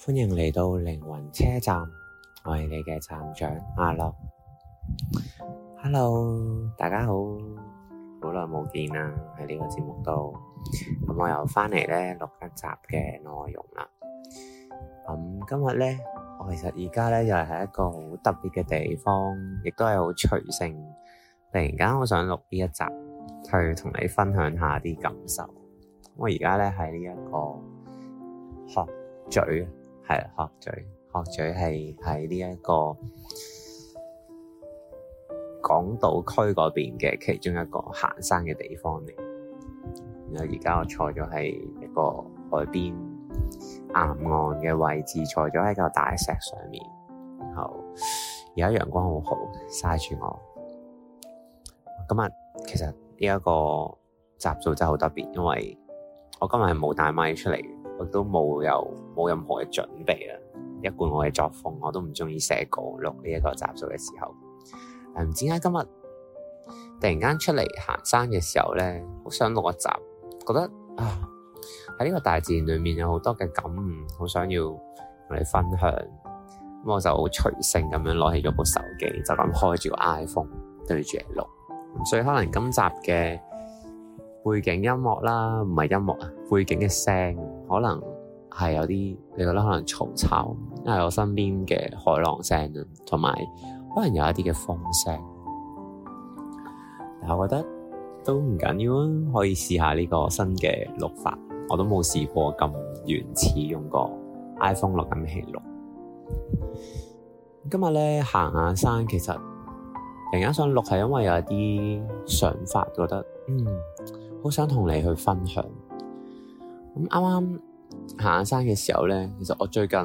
歡迎嚟到靈魂車站，我係你嘅站長阿樂。Hello. Hello，大家好，好耐冇見啦，喺呢個節目度，咁、嗯、我又翻嚟咧錄一集嘅內容啦。咁、嗯、今日咧，我其實而家咧又係一個好特別嘅地方，亦都係好隨性。突然間，我好想錄呢一集，去同你分享下啲感受。我而家咧喺呢一個學嘴。係啦，鶴咀，鶴咀係喺呢一個港島區嗰邊嘅其中一個行山嘅地方嚟。然後而家我坐咗喺一個海邊岩岸嘅位置，坐咗喺個大石上面。然後而家陽光好好，曬住我。今日其實呢一個集數真係好特別，因為我今日係冇帶咪出嚟。我都冇有冇任何嘅準備啦。一貫我嘅作風，我都唔中意寫稿錄呢一個集數嘅時候。嗯，點解今日突然間出嚟行山嘅時候咧，好想錄一集，覺得啊喺呢個大自然裏面有好多嘅感悟，好想要同你分享。咁、嗯、我就隨性咁樣攞起咗部手機，就咁開住個 iPhone 對住嚟錄、嗯。所以可能今集嘅背景音樂啦，唔係音樂啊，背景嘅聲。可能係有啲，你覺得可能嘈吵，因為我身邊嘅海浪聲啊，同埋可能有一啲嘅風聲。但係我覺得都唔緊要啊，可以試下呢個新嘅錄法。我都冇試過咁原始用個 iPhone 錄緊嘅記錄。今日咧行下山，其實突然間想錄係因為有啲想法，覺得嗯好想同你去分享。咁啱啱行山嘅時候咧，其實我最近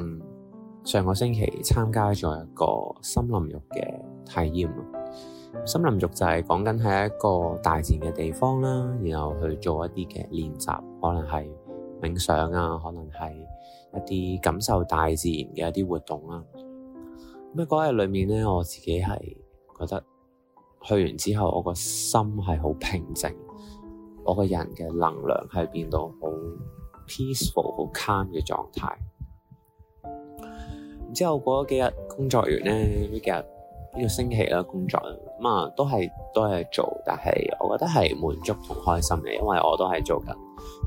上個星期參加咗一個森林浴嘅體驗啊！森林浴就係講緊喺一個大自然嘅地方啦，然後去做一啲嘅練習，可能係冥想啊，可能係一啲感受大自然嘅一啲活動啦、啊。咁喺嗰日裏面咧，我自己係覺得去完之後，我個心係好平靜，我個人嘅能量係變到好 peaceful 好 calm 嘅狀態。之後過咗幾日工作完咧，呢幾日呢個星期啦，工作咁啊，都係都係做，但係我覺得係滿足同開心嘅，因為我都係做緊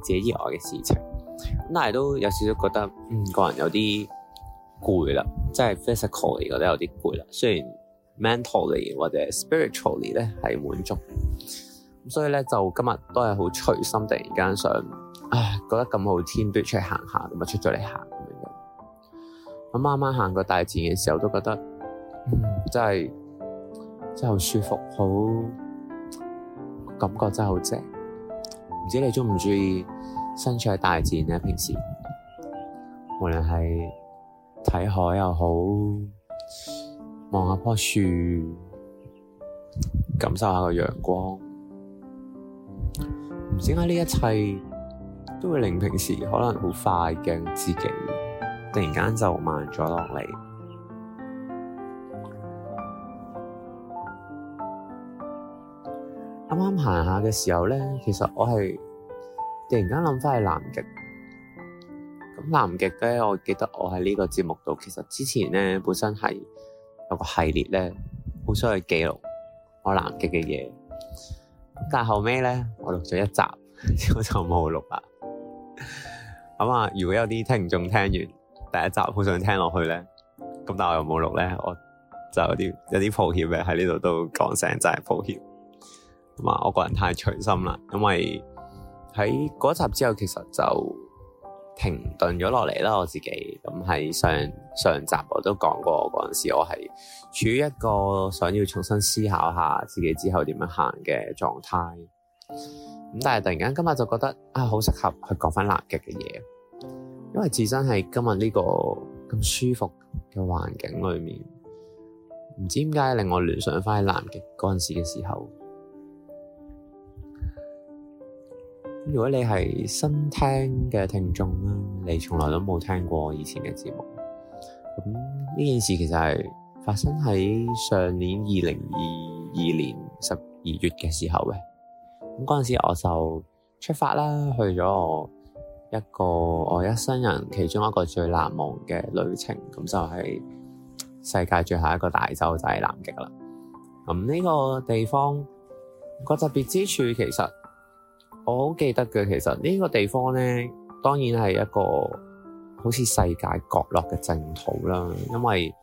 自己意外嘅事情。咁但係都有少少覺得，嗯，個人有啲攰啦，即係 physically 覺得有啲攰啦。雖然 mentally 或者 spiritually 咧係滿足。所以咧，就今日都係好隨心，突然間想，唉，覺得咁好天，都要出去行下，咁啊出咗嚟行咁樣。咁啱啱行過大自然嘅時候，都覺得嗯真係真係好舒服，好感覺真係好正。唔知你鍾唔鍾意身處喺大自然咧？平時無論係睇海又好，望下樖樹，感受下個陽光。唔知點解呢一切都會令平時可能好快嘅自己，突然間就慢咗落嚟。啱啱行下嘅時候咧，其實我係突然間諗翻係南極。咁南極咧，我記得我喺呢個節目度，其實之前咧本身係有個系列咧，好想去記錄我南極嘅嘢。但係後尾咧，我錄咗一集，之後我就冇錄啦。咁 啊、嗯，如果有啲聽眾聽完第一集好想聽落去咧，咁但係我又冇錄咧，我就有啲有啲抱歉嘅，喺呢度都講聲，真、就、係、是、抱歉。咁、嗯、啊、嗯，我個人太隨心啦，因為喺嗰集之後，其實就。停頓咗落嚟，啦，我自己咁喺上上集我都講過嗰陣時，我係處於一個想要重新思考下自己之後點樣行嘅狀態。咁但係突然間今日就覺得啊，好適合去講翻南極嘅嘢，因為自身係今日呢個咁舒服嘅環境裏面，唔知點解令我聯想翻喺南極嗰陣時嘅時候。如果你係新聽嘅聽眾啦，你從來都冇聽過以前嘅節目。咁呢件事其實係發生喺上年二零二二年十二月嘅時候嘅。咁嗰陣時我就出發啦，去咗我一個我一生人其中一個最難忘嘅旅程，咁就係世界最後一個大洲就係南極啦。咁呢個地方個特別之處其實～我好記得嘅，其實呢個地方咧，當然係一個好似世界角落嘅淨土啦，因為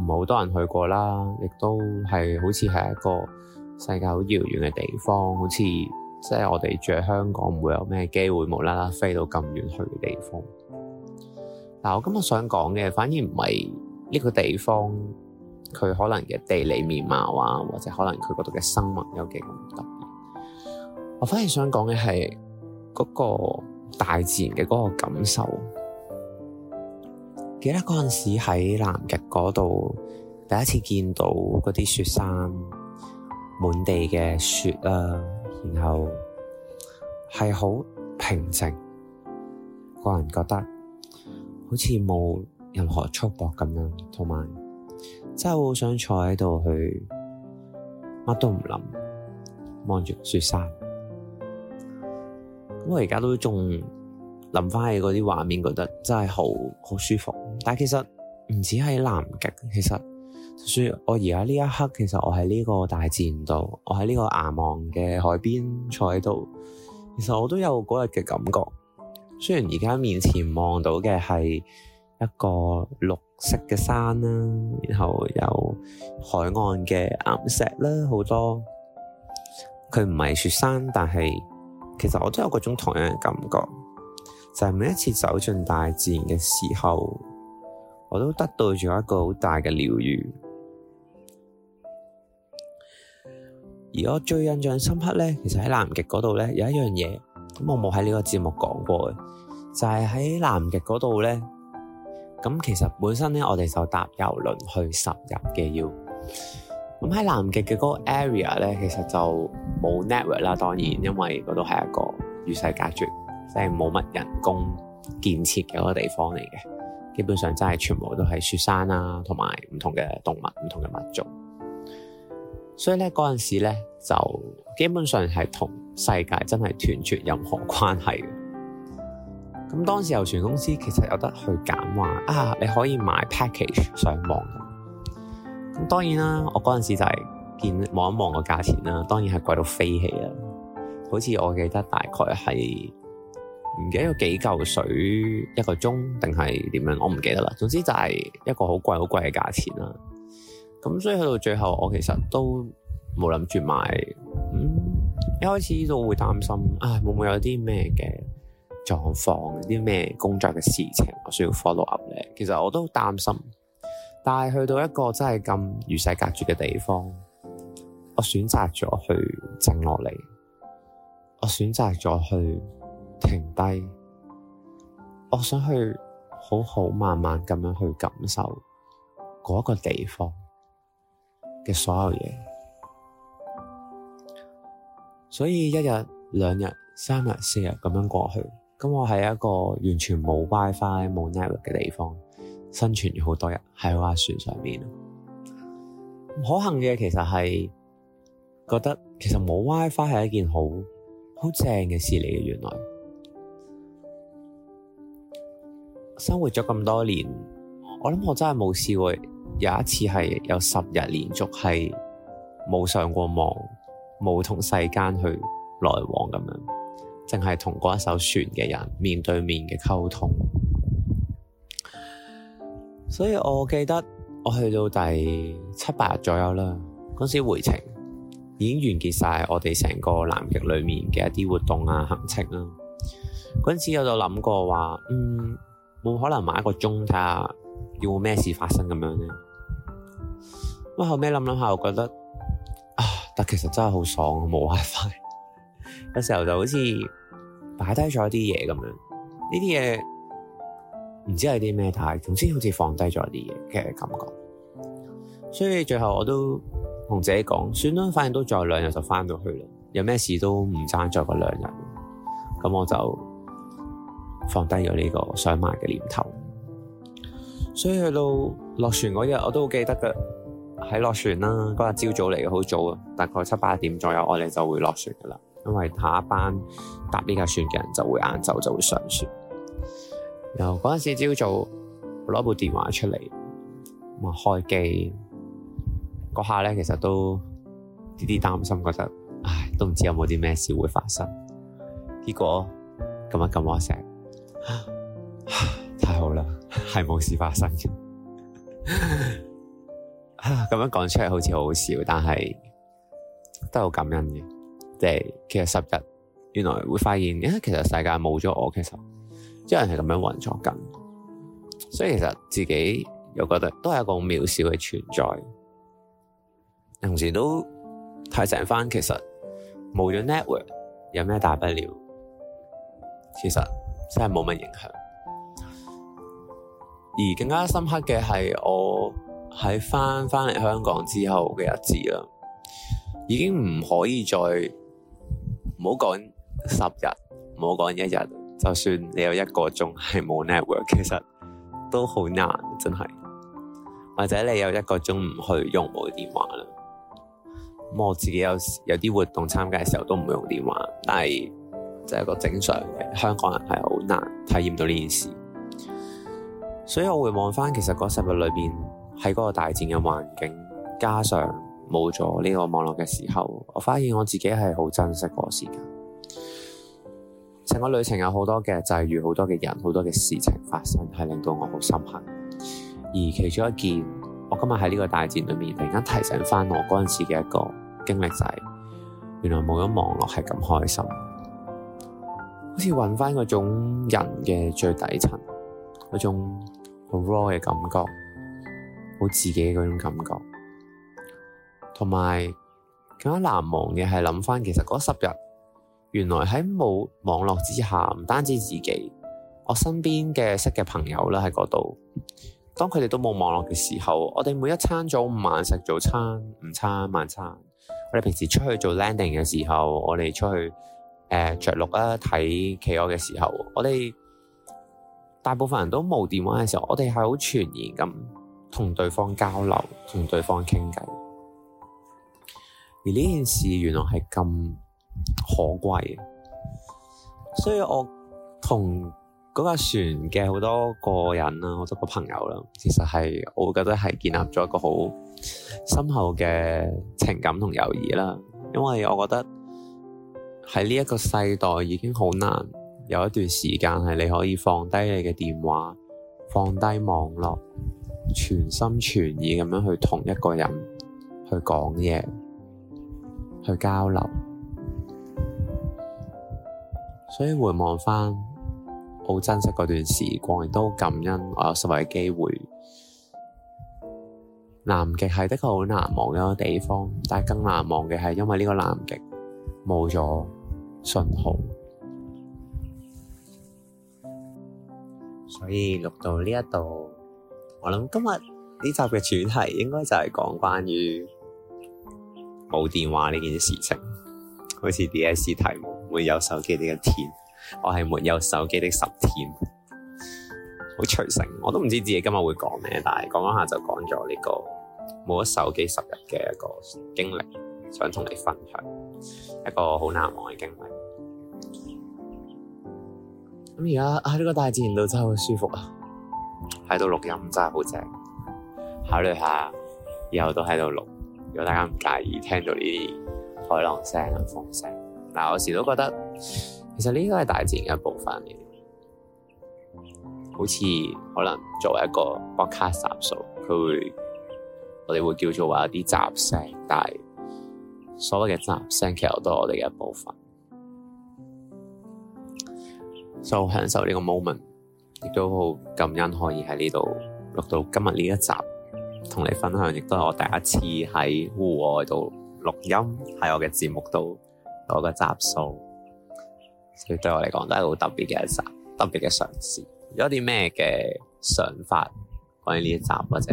唔好多人去過啦，亦都係好似係一個世界好遙遠嘅地方，好似即係我哋住喺香港，唔會有咩機會無啦啦飛到咁遠去嘅地方。但我今日想講嘅，反而唔係呢個地方佢可能嘅地理面貌啊，或者可能佢嗰度嘅生物有幾唔同。我反而想講嘅係嗰個大自然嘅嗰個感受。記得嗰陣時喺南極嗰度，第一次見到嗰啲雪山滿地嘅雪啊，然後係好平靜，個人覺得好似冇任何束縛，咁樣，同埋真係好想坐喺度去乜都唔諗，望住雪山。我而家都仲諗翻起嗰啲畫面，覺得真係好好舒服。但其實唔止喺南極，其實就算我而家呢一刻，其實我喺呢個大自然度，我喺呢個岩岸嘅海邊坐喺度，其實我都有嗰日嘅感覺。雖然而家面前望到嘅係一個綠色嘅山啦，然後有海岸嘅岩石啦，好多。佢唔係雪山，但係，其實我都有嗰種同樣嘅感覺，就係每一次走進大自然嘅時候，我都得到咗一個好大嘅療愈。而我最印象深刻咧，其實喺南極嗰度咧，有一樣嘢，咁我冇喺呢個節目講過嘅，就係喺南極嗰度咧，咁其實本身咧我哋就搭遊輪去十日嘅要。咁喺南極嘅嗰個 area 咧，其實就冇 network 啦，當然，因為嗰度係一個與世隔絕，即係冇乜人工建設嘅嗰個地方嚟嘅。基本上真係全部都係雪山啦、啊，同埋唔同嘅動物、唔同嘅物種。所以咧嗰陣時咧，就基本上係同世界真係斷絕任何關係嘅。咁當時郵船公司其實有得去揀，話啊，你可以買 package 上網。當然啦，我嗰陣時就係見望一望個價錢啦，當然係貴到飛起啦，好似我記得大概係唔記得有幾嚿水一個鐘定係點樣，我唔記得啦。總之就係一個好貴好貴嘅價錢啦。咁所以去到最後，我其實都冇諗住買。嗯，一開始就會擔心，唉，會唔會有啲咩嘅狀況，啲咩工作嘅事情我需要 follow up 咧？其實我都擔心。但係去到一個真係咁與世隔絕嘅地方，我選擇咗去靜落嚟，我選擇咗去停低，我想去好好慢慢咁樣去感受嗰一個地方嘅所有嘢。所以一日、兩日、三日、四日咁樣過去，咁我喺一個完全冇 WiFi、冇 Network 嘅地方。生存咗好多日喺嗰架船上面，可幸嘅其實係覺得其實冇 WiFi 係一件好好正嘅事嚟嘅。原來生活咗咁多年，我諗我真係冇試過有一次係有十日連續係冇上過網，冇同世間去來往咁樣，淨係同嗰一艘船嘅人面對面嘅溝通。所以我記得我去到第七八日左右啦，嗰時回程已經完結晒我哋成個南極裏面嘅一啲活動啊行程啦、啊。嗰次我就諗過話，嗯，冇可能買一個鐘睇下有冇咩事發生咁樣嘅。咁過後尾諗諗下，我覺得啊，但其實真係好爽冇 wifi， 有時候就好似擺低咗一啲嘢咁樣，呢啲嘢。唔知係啲咩態，總之好似放低咗啲嘢嘅感覺。所以最後我都同自己講，算啦，反正都再兩日就翻到去啦。有咩事都唔爭再過兩日。咁我就放低咗呢個想買嘅念頭。所以去到落船嗰日，我都好記得㗎。喺落船啦，嗰日朝早嚟嘅，好早啊，大概七八點左右，我哋就會落船㗎啦。因為下一班搭呢架船嘅人就會晏晝就會上船。又嗰陣時朝早攞部電話出嚟，我開機嗰、那個、下咧，其實都啲啲擔心，覺得唉，都唔知有冇啲咩事會發生。結果咁一撳我成，太好啦，係冇事發生嘅。咁 樣講出嚟好似好笑，但係都係好感恩嘅。即係其實十日，原來會發現，啊，其實世界冇咗我，其實。啲人係咁樣運作緊，所以其實自己又覺得都係一個好渺小嘅存在，同時都提醒翻其實冇咗 network 有咩 net，大不了，其實真係冇乜影響。而更加深刻嘅係我喺翻翻嚟香港之後嘅日子啦，已經唔可以再，唔好講十日，唔好講一日。就算你有一個鐘係冇 network，其實都好難，真係。或者你有一個鐘唔去用我嘅電話啦。咁我自己有有啲活動參加嘅時候都唔會用電話，但係就係個正常嘅香港人係好難體驗到呢件事。所以我會回望翻其實嗰十日裏邊喺嗰個大戰嘅環境，加上冇咗呢個網絡嘅時候，我發現我自己係好珍惜嗰個時間。成個旅程有好多嘅際遇，好多嘅人，好多嘅事情發生，係令到我好深刻。而其中一件，我今日喺呢個大戰裏面，突然間提醒翻我嗰陣時嘅一個經歷，就係原來冇咗網絡係咁開心，好似揾翻嗰種人嘅最底層嗰種好 raw 嘅感覺，好自己嗰種感覺。同埋更加難忘嘅係諗翻，其實嗰十日。原來喺冇網絡之下，唔單止自己，我身邊嘅識嘅朋友咧喺嗰度，當佢哋都冇網絡嘅時候，我哋每一餐早午晚食早餐、午餐、晚餐，我哋平時出去做 landing 嘅時候，我哋出去誒、呃、着陸啊睇企鵝嘅時候，我哋大部分人都冇電話嘅時候，我哋係好全然咁同對方交流，同對方傾偈，而呢件事原來係咁可貴，所以我同嗰架船嘅好多個人啦，好多個朋友啦，其實係我會覺得係建立咗一個好深厚嘅情感同友誼啦。因為我覺得喺呢一個世代已經好難有一段時間係你可以放低你嘅電話，放低網絡，全心全意咁樣去同一個人去講嘢，去交流。所以回望翻，好珍惜嗰段時光，亦都感恩我有咁嘅機會。南極係的確好難忘一個地方，但係更難忘嘅係因為呢個南極冇咗信號，所以錄到呢一度。我諗今日呢集嘅主題應該就係講關於冇電話呢件事情。好似 D.S.C. 題目。沒有手機的一天，我係沒有手機的十天。好隨性，我都唔知自己今日會講咩，但係講講下就講咗呢個冇咗手機十日嘅一個經歷，想同你分享一個好難忘嘅經歷。咁而家喺呢個大自然度真係好舒服啊！喺度錄音真係好正，考慮下以後都喺度錄，如果大家唔介意聽到呢啲。海浪聲、風聲，嗱，有時都覺得，其實呢個係大自然嘅一部分嚟。好似可能作為一個 podcast 集數，佢會，我哋會叫做話啲雜聲，但係所謂嘅雜聲，其實都係我哋嘅一部分。就，so, 享受呢個 moment，亦都好感恩可以喺呢度錄到今日呢一集，同你分享，亦都係我第一次喺戶外度。錄音係我嘅節目度嗰個集數，所以對我嚟講都係好特別嘅一集，特別嘅嘗試。有啲咩嘅想法關於呢一集，或者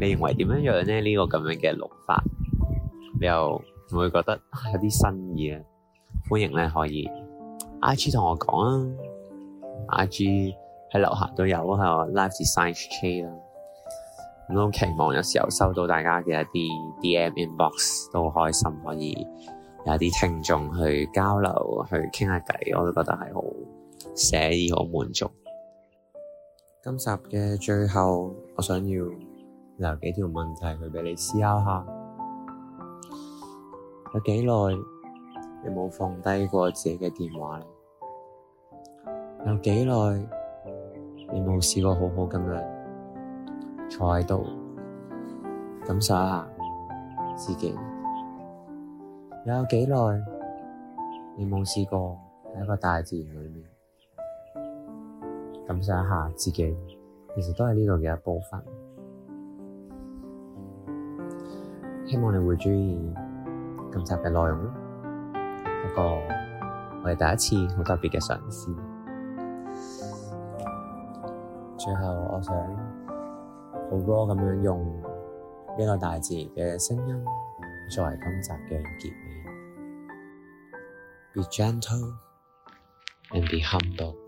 你認為點樣樣咧？呢個咁樣嘅錄法，你又會唔會覺得有啲新意啊？歡迎咧可以 I G 同我講啊，I G 喺樓下都有啊，Life Design Chat 咁都期望有時候收到大家嘅一啲 DM inbox 都開心，可以有啲聽眾去交流，去傾下偈，我都覺得係好寫意，好滿足。今集嘅最後，我想要留幾條問題去俾你思考下。有幾耐你冇放低過自己嘅電話咧？有幾耐你冇試過好好咁樣？坐喺度，感受一下自己，又有幾耐你冇試過喺一個大自然裏面感受一下自己，其實都係呢度嘅一部分。希望你會中意今集嘅內容咯。不過我係第一次好特別嘅嘗試。最後，我想。好多咁樣用一個大自然嘅聲音作為今集嘅結尾。Be gentle and be humble.